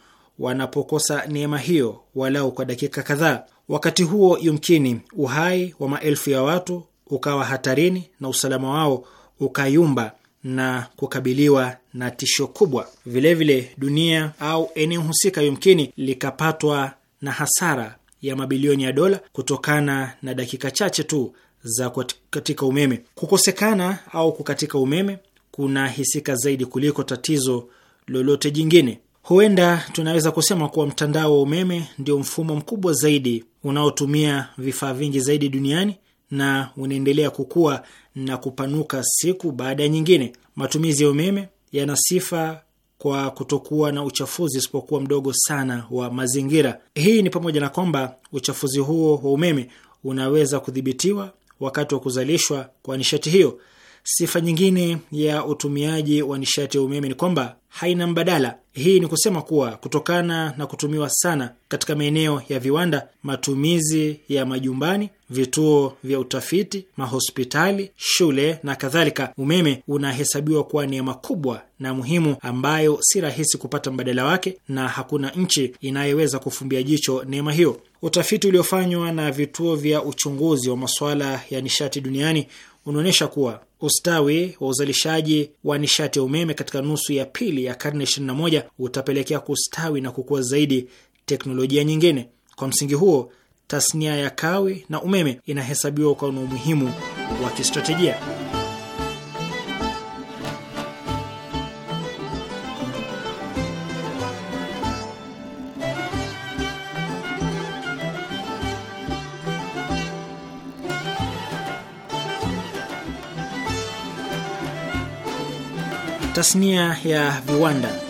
wanapokosa neema hiyo walau kwa dakika kadhaa. Wakati huo, yumkini uhai wa maelfu ya watu ukawa hatarini na usalama wao ukayumba na kukabiliwa na tisho kubwa. Vilevile vile dunia au eneo husika yumkini likapatwa na hasara ya mabilioni ya dola kutokana na dakika chache tu za kukatika umeme. Kukosekana au kukatika umeme kuna hisika zaidi kuliko tatizo lolote jingine. Huenda tunaweza kusema kuwa mtandao wa umeme ndio mfumo mkubwa zaidi unaotumia vifaa vingi zaidi duniani na unaendelea kukua na kupanuka siku baada ya nyingine. Matumizi ya umeme yana sifa kwa kutokuwa na uchafuzi usipokuwa mdogo sana wa mazingira. Hii ni pamoja na kwamba uchafuzi huo wa umeme unaweza kudhibitiwa wakati wa kuzalishwa kwa nishati hiyo. Sifa nyingine ya utumiaji wa nishati ya umeme ni kwamba haina mbadala. Hii ni kusema kuwa kutokana na kutumiwa sana katika maeneo ya viwanda, matumizi ya majumbani, vituo vya utafiti, mahospitali, shule na kadhalika, umeme unahesabiwa kuwa neema kubwa na muhimu ambayo si rahisi kupata mbadala wake, na hakuna nchi inayoweza kufumbia jicho neema hiyo. Utafiti uliofanywa na vituo vya uchunguzi wa masuala ya nishati duniani unaonyesha kuwa ustawi wa uzalishaji wa nishati ya umeme katika nusu ya pili ya karne 21 utapelekea kustawi na kukua zaidi teknolojia nyingine. Kwa msingi huo, tasnia ya kawi na umeme inahesabiwa kuwa na umuhimu wa kistratejia. Tasnia ya viwanda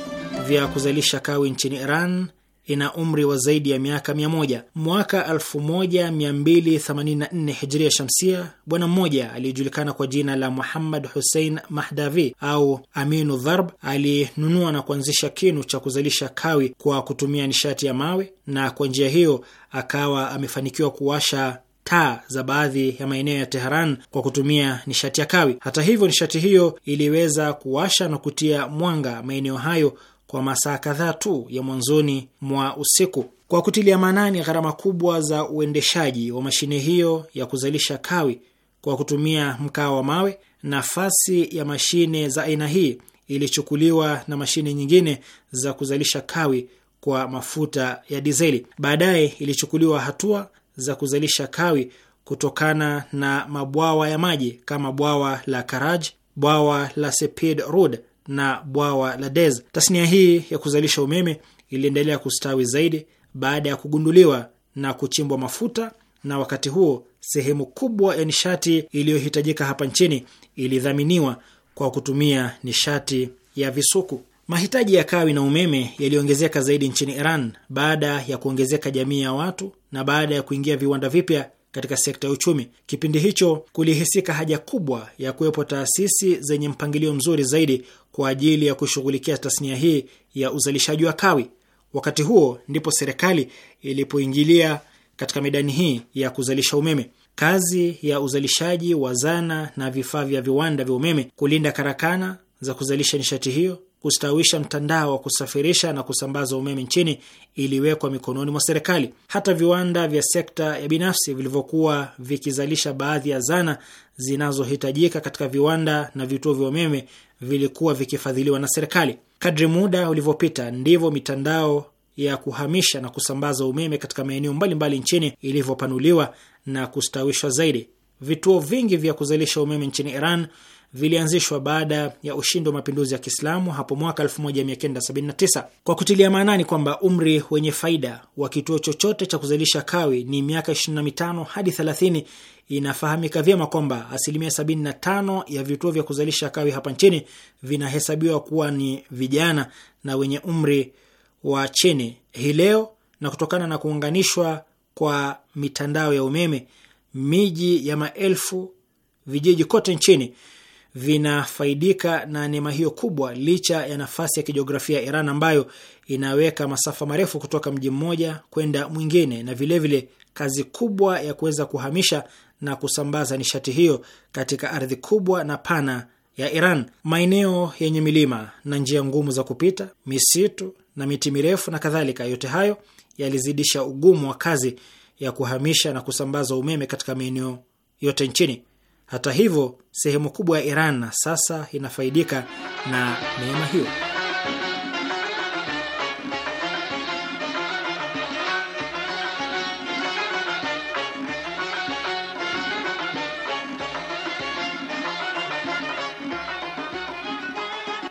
vya kuzalisha kawi nchini Iran ina umri wa zaidi ya miaka 100. Mwaka 1284 hijria shamsia, bwana mmoja aliyejulikana kwa jina la Muhammad Hussein Mahdavi au Aminu Dharb alinunua na kuanzisha kinu cha kuzalisha kawi kwa kutumia nishati ya mawe, na kwa njia hiyo akawa amefanikiwa kuwasha taa za baadhi ya maeneo ya Teheran kwa kutumia nishati ya kawi. Hata hivyo, nishati hiyo iliweza kuwasha na kutia mwanga maeneo hayo kwa masaa kadhaa tu ya mwanzoni mwa usiku. Kwa kutilia maanani gharama kubwa za uendeshaji wa mashine hiyo ya kuzalisha kawi kwa kutumia mkaa wa mawe, nafasi ya mashine za aina hii ilichukuliwa na mashine nyingine za kuzalisha kawi kwa mafuta ya dizeli. Baadaye ilichukuliwa hatua za kuzalisha kawi kutokana na mabwawa ya maji kama bwawa la Karaj, bwawa la Sepid Rud na bwawa la Dez. Tasnia hii ya kuzalisha umeme iliendelea kustawi zaidi baada ya kugunduliwa na kuchimbwa mafuta, na wakati huo sehemu kubwa ya nishati iliyohitajika hapa nchini ilidhaminiwa kwa kutumia nishati ya visukuku. Mahitaji ya kawi na umeme yaliongezeka zaidi nchini Iran baada ya kuongezeka jamii ya watu na baada ya kuingia viwanda vipya katika sekta ya uchumi. Kipindi hicho kulihisika haja kubwa ya kuwepo taasisi zenye mpangilio mzuri zaidi kwa ajili ya kushughulikia tasnia hii ya uzalishaji wa kawi. Wakati huo ndipo serikali ilipoingilia katika medani hii ya kuzalisha umeme. Kazi ya uzalishaji wa zana na vifaa vya viwanda vya umeme, kulinda karakana za kuzalisha nishati hiyo kustawisha mtandao wa kusafirisha na kusambaza umeme nchini iliwekwa mikononi mwa serikali. Hata viwanda vya sekta ya binafsi vilivyokuwa vikizalisha baadhi ya zana zinazohitajika katika viwanda na vituo vya umeme vilikuwa vikifadhiliwa na serikali. Kadri muda ulivyopita, ndivyo mitandao ya kuhamisha na kusambaza umeme katika maeneo mbalimbali nchini ilivyopanuliwa na kustawishwa zaidi. Vituo vingi vya kuzalisha umeme nchini Iran vilianzishwa baada ya ushindi wa mapinduzi ya Kiislamu hapo mwaka 1979 kwa kutilia maanani kwamba umri wenye faida wa kituo chochote cha kuzalisha kawi ni miaka 25 hadi 30. Inafahamika vyema kwamba asilimia 75 ya vituo vya kuzalisha kawi hapa nchini vinahesabiwa kuwa ni vijana na wenye umri wa chini hii leo, na kutokana na kuunganishwa kwa mitandao ya umeme, miji ya maelfu, vijiji kote nchini vinafaidika na neema hiyo kubwa, licha ya nafasi ya kijiografia ya Iran ambayo inaweka masafa marefu kutoka mji mmoja kwenda mwingine, na vilevile vile kazi kubwa ya kuweza kuhamisha na kusambaza nishati hiyo katika ardhi kubwa na pana ya Iran, maeneo yenye milima na njia ngumu za kupita, misitu na miti mirefu na kadhalika. Yote hayo yalizidisha ugumu wa kazi ya kuhamisha na kusambaza umeme katika maeneo yote nchini. Hata hivyo, sehemu kubwa ya Iran sasa inafaidika na neema hiyo.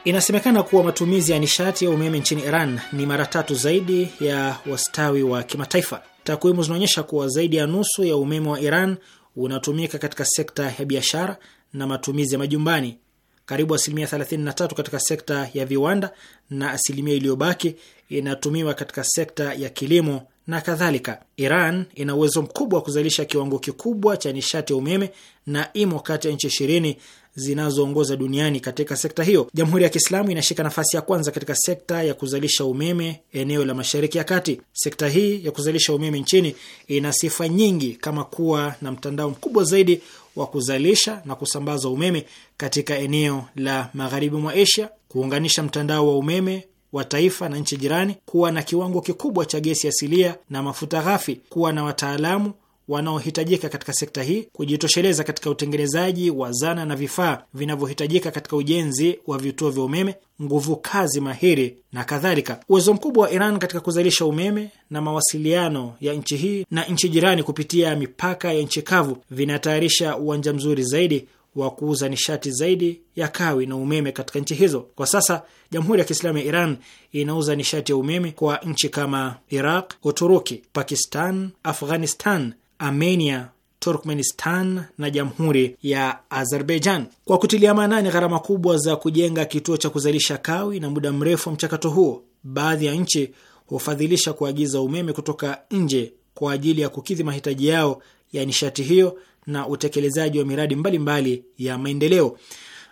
Inasemekana kuwa matumizi ya nishati ya umeme nchini Iran ni mara tatu zaidi ya wastani wa kimataifa. Takwimu zinaonyesha kuwa zaidi ya nusu ya umeme wa Iran unatumika katika sekta ya biashara na matumizi ya majumbani, karibu asilimia 33 katika sekta ya viwanda, na asilimia iliyobaki inatumiwa katika sekta ya kilimo na kadhalika. Iran ina uwezo mkubwa wa kuzalisha kiwango kikubwa cha nishati ya umeme na imo kati ya nchi ishirini zinazoongoza duniani katika sekta hiyo. Jamhuri ya Kiislamu inashika nafasi ya kwanza katika sekta ya kuzalisha umeme eneo la Mashariki ya Kati. Sekta hii ya kuzalisha umeme nchini ina sifa nyingi kama kuwa na mtandao mkubwa zaidi wa kuzalisha na kusambaza umeme katika eneo la magharibi mwa Asia, kuunganisha mtandao wa umeme wa taifa na nchi jirani, kuwa na kiwango kikubwa cha gesi asilia na mafuta ghafi, kuwa na wataalamu wanaohitajika katika sekta hii, kujitosheleza katika utengenezaji wa zana na vifaa vinavyohitajika katika ujenzi wa vituo vya umeme, nguvu kazi mahiri na kadhalika. Uwezo mkubwa wa Iran katika kuzalisha umeme na mawasiliano ya nchi hii na nchi jirani kupitia mipaka ya nchi kavu vinatayarisha uwanja mzuri zaidi wa kuuza nishati zaidi ya kawi na umeme katika nchi hizo. Kwa sasa Jamhuri ya Kiislamu ya Iran inauza nishati ya umeme kwa nchi kama Iraq, Uturuki, Pakistan, Afghanistan, Armenia, Turkmenistan na jamhuri ya Azerbaijan. Kwa kutilia maanani gharama kubwa za kujenga kituo cha kuzalisha kawi na muda mrefu wa mchakato huo, baadhi ya nchi hufadhilisha kuagiza umeme kutoka nje kwa ajili ya kukidhi mahitaji yao ya nishati hiyo na utekelezaji wa miradi mbalimbali mbali ya maendeleo.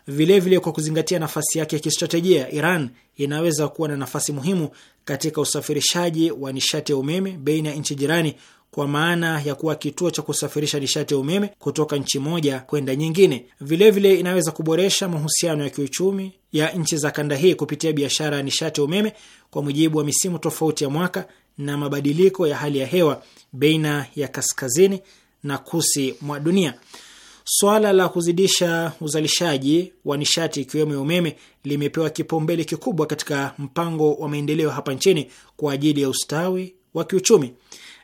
Vilevile vile, kwa kuzingatia nafasi yake ya kistratejia, Iran inaweza kuwa na nafasi muhimu katika usafirishaji wa nishati ya umeme baina ya nchi jirani kwa maana ya kuwa kituo cha kusafirisha nishati ya umeme kutoka nchi moja kwenda nyingine. Vilevile vile inaweza kuboresha mahusiano ya kiuchumi ya nchi za kanda hii kupitia biashara ya nishati ya umeme kwa mujibu wa misimu tofauti ya mwaka na mabadiliko ya hali ya hewa baina ya kaskazini na kusi mwa dunia. Swala la kuzidisha uzalishaji wa nishati ikiwemo ya umeme limepewa kipaumbele kikubwa katika mpango wa maendeleo hapa nchini kwa ajili ya ustawi wa kiuchumi.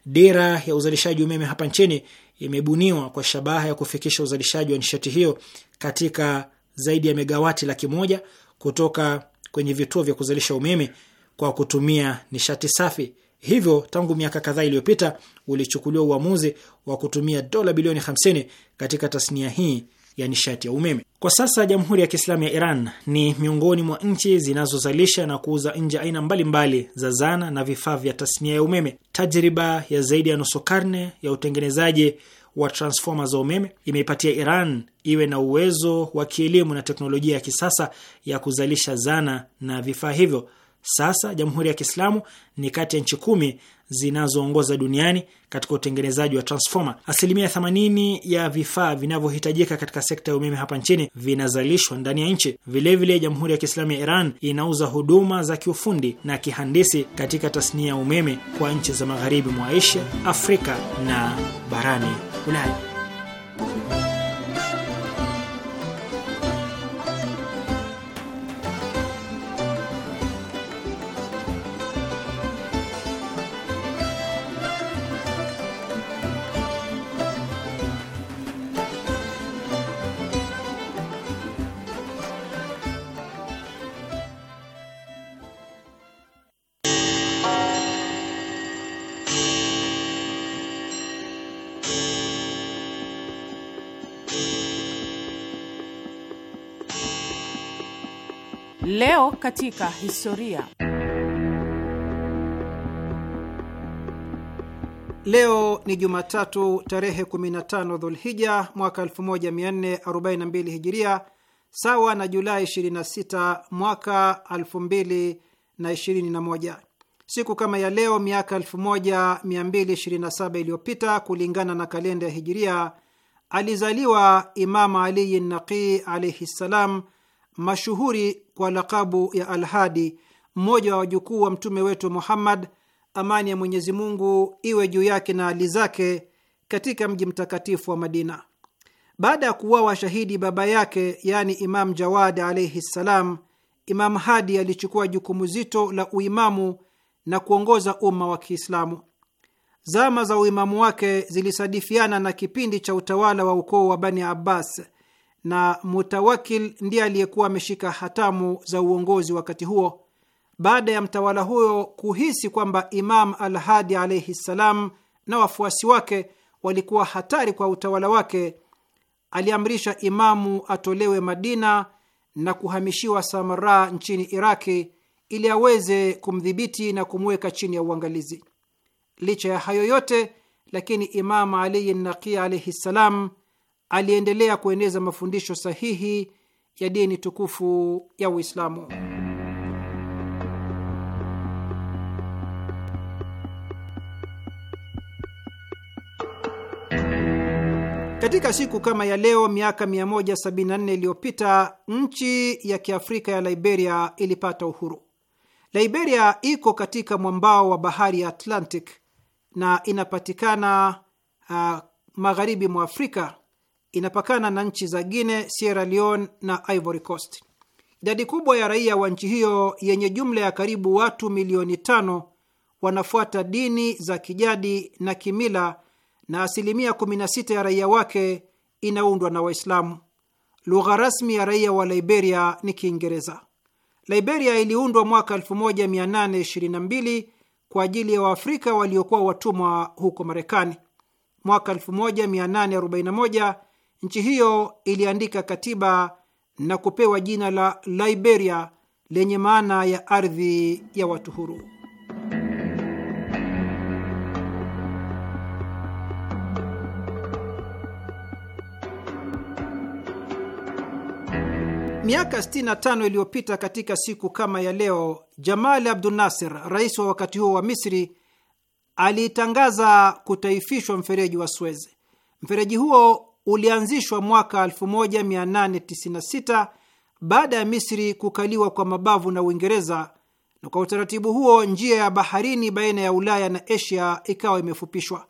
Dira ya uzalishaji umeme hapa nchini imebuniwa kwa shabaha ya kufikisha uzalishaji wa nishati hiyo katika zaidi ya megawati laki moja kutoka kwenye vituo vya kuzalisha umeme kwa kutumia nishati safi. Hivyo tangu miaka kadhaa iliyopita ulichukuliwa uamuzi wa kutumia dola bilioni 50 katika tasnia hii ya nishati ya umeme. Kwa sasa Jamhuri ya Kiislamu ya Iran ni miongoni mwa nchi zinazozalisha na kuuza nje aina mbalimbali za zana na vifaa vya tasnia ya umeme. Tajriba ya zaidi ya nusu karne ya utengenezaji wa transfoma za umeme imeipatia Iran iwe na uwezo wa kielimu na teknolojia ya kisasa ya kuzalisha zana na vifaa hivyo. Sasa Jamhuri ya Kiislamu ni kati ya nchi kumi zinazoongoza duniani katika utengenezaji wa transfoma. Asilimia 80 ya vifaa vinavyohitajika katika sekta ya umeme hapa nchini vinazalishwa ndani ya nchi. Vilevile, Jamhuri ya Kiislamu ya Iran inauza huduma za kiufundi na kihandisi katika tasnia ya umeme kwa nchi za magharibi mwa Asia, Afrika na barani Ulaya. katika historia. Leo ni Jumatatu tarehe 15 Dhulhija mwaka 1442 Hijiria, sawa na Julai 26 mwaka 2021. Siku kama ya leo miaka 1227 iliyopita kulingana na kalenda ya Hijiria, alizaliwa Imama Aliyi Naqi alaihi ssalam mashuhuri kwa lakabu ya Alhadi, mmoja wa wajukuu wa mtume wetu Muhammad, amani ya Mwenyezi Mungu iwe juu yake na hali zake, katika mji mtakatifu wa Madina. Baada ya kuwawa shahidi baba yake, yaani Imam Jawad alaihi ssalam, Imam Hadi alichukua jukumu zito la uimamu na kuongoza umma wa Kiislamu. Zama za uimamu wake zilisadifiana na kipindi cha utawala wa ukoo wa Bani Abbas na Mutawakil ndiye aliyekuwa ameshika hatamu za uongozi wakati huo. Baada ya mtawala huyo kuhisi kwamba Imam Alhadi alaihi ssalam na wafuasi wake walikuwa hatari kwa utawala wake, aliamrisha imamu atolewe Madina na kuhamishiwa Samara nchini Iraki ili aweze kumdhibiti na kumweka chini ya uangalizi. Licha ya hayo yote, lakini Imamu Ali Naqi alaihi ssalam aliendelea kueneza mafundisho sahihi ya dini tukufu ya Uislamu. Katika siku kama ya leo miaka 174 iliyopita nchi ya kiafrika ya Liberia ilipata uhuru. Liberia iko katika mwambao wa bahari ya Atlantic na inapatikana uh, magharibi mwa Afrika inapakana na nchi za Guinea, Sierra Leone na Ivory Coast. Idadi kubwa ya raia wa nchi hiyo yenye jumla ya karibu watu milioni tano wanafuata dini za kijadi na kimila na asilimia 16 ya raia wake inaundwa na Waislamu. Lugha rasmi ya raia wa Liberia ni Kiingereza. Liberia iliundwa mwaka 1822 kwa ajili ya Waafrika waliokuwa watumwa huko Marekani. Mwaka 1841 Nchi hiyo iliandika katiba na kupewa jina la Liberia lenye maana ya ardhi ya watu huru. Miaka 65 iliyopita katika siku kama ya leo, Jamal Abdul Nasser, rais wa wakati huo wa Misri, alitangaza kutaifishwa mfereji wa Suez. Mfereji huo ulianzishwa mwaka 1896 baada ya Misri kukaliwa kwa mabavu na Uingereza, na kwa utaratibu huo njia ya baharini baina ya Ulaya na Asia ikawa imefupishwa.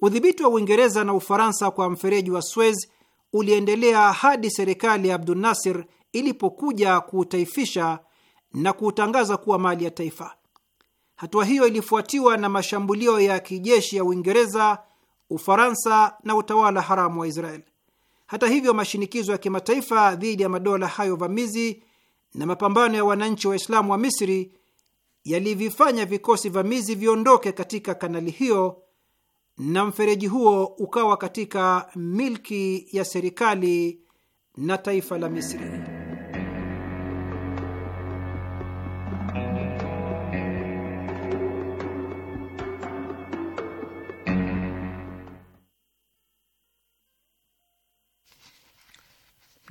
Udhibiti wa Uingereza na Ufaransa kwa mfereji wa Suez uliendelea hadi serikali ya Abdul Nasir ilipokuja kuutaifisha na kuutangaza kuwa mali ya taifa. Hatua hiyo ilifuatiwa na mashambulio ya kijeshi ya Uingereza Ufaransa na utawala haramu wa israel Hata hivyo, mashinikizo ya kimataifa dhidi ya madola hayo vamizi na mapambano ya wananchi Waislamu wa Misri yalivifanya vikosi vamizi viondoke katika kanali hiyo na mfereji huo ukawa katika milki ya serikali na taifa la Misri.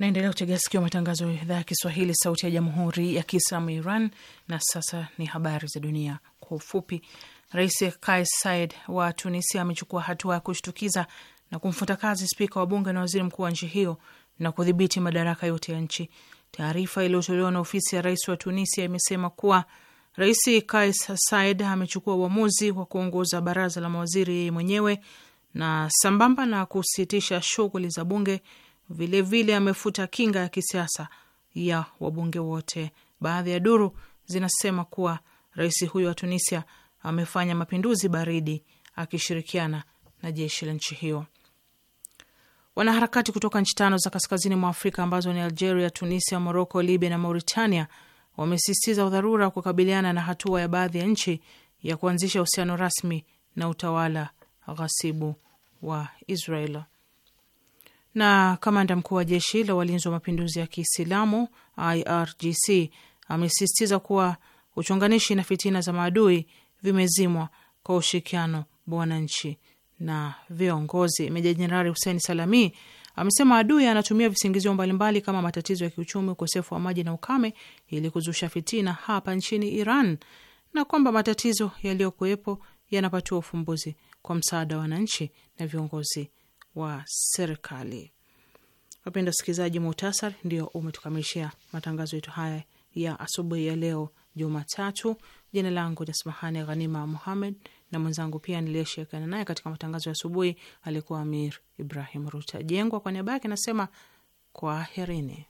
Naendelea kutegea sikio matangazo ya idhaa ya Kiswahili, sauti ya jamhuri ya kiislamu Iran. Na sasa ni habari za dunia kwa ufupi. Rais Kais Said wa Tunisia amechukua hatua ya kushtukiza na kumfuta kazi spika wa bunge na waziri mkuu wa nchi hiyo na kudhibiti madaraka yote ya nchi. Taarifa iliyotolewa na ofisi ya rais wa Tunisia imesema kuwa Rais Kais Said amechukua uamuzi wa kuongoza baraza la mawaziri yeye mwenyewe na sambamba na kusitisha shughuli za bunge Vilevile amefuta kinga ya kisiasa ya wabunge wote. Baadhi ya duru zinasema kuwa rais huyo wa Tunisia amefanya mapinduzi baridi akishirikiana na jeshi la nchi hiyo. Wanaharakati kutoka nchi tano za kaskazini mwa Afrika ambazo ni Algeria, Tunisia, Moroko, Libya na Mauritania wamesisitiza udharura wa kukabiliana na hatua ya baadhi ya nchi ya kuanzisha uhusiano rasmi na utawala ghasibu wa Israel. Na kamanda mkuu wa jeshi la walinzi wa mapinduzi ya Kiislamu IRGC amesisitiza kuwa uchonganishi na fitina za maadui vimezimwa kwa ushirikiano wa wananchi na viongozi. Meja Jenerali Hussein Salami amesema adui anatumia visingizio mbalimbali kama matatizo ya kiuchumi, ukosefu wa maji na ukame ili kuzusha fitina hapa nchini Iran, na kwamba matatizo yaliyokuwepo yanapatiwa ufumbuzi kwa msaada wa wananchi na viongozi wa serikali. Wapenda wasikilizaji, muhtasari ndio umetukamilishia matangazo yetu haya ya asubuhi ya leo Jumatatu. Jina langu ni Asmahani Ghanima Muhamed na mwenzangu pia niliyeshirikiana naye katika matangazo ya asubuhi alikuwa Amir Ibrahim Rutajengwa. Kwa niaba yake nasema kwaherini.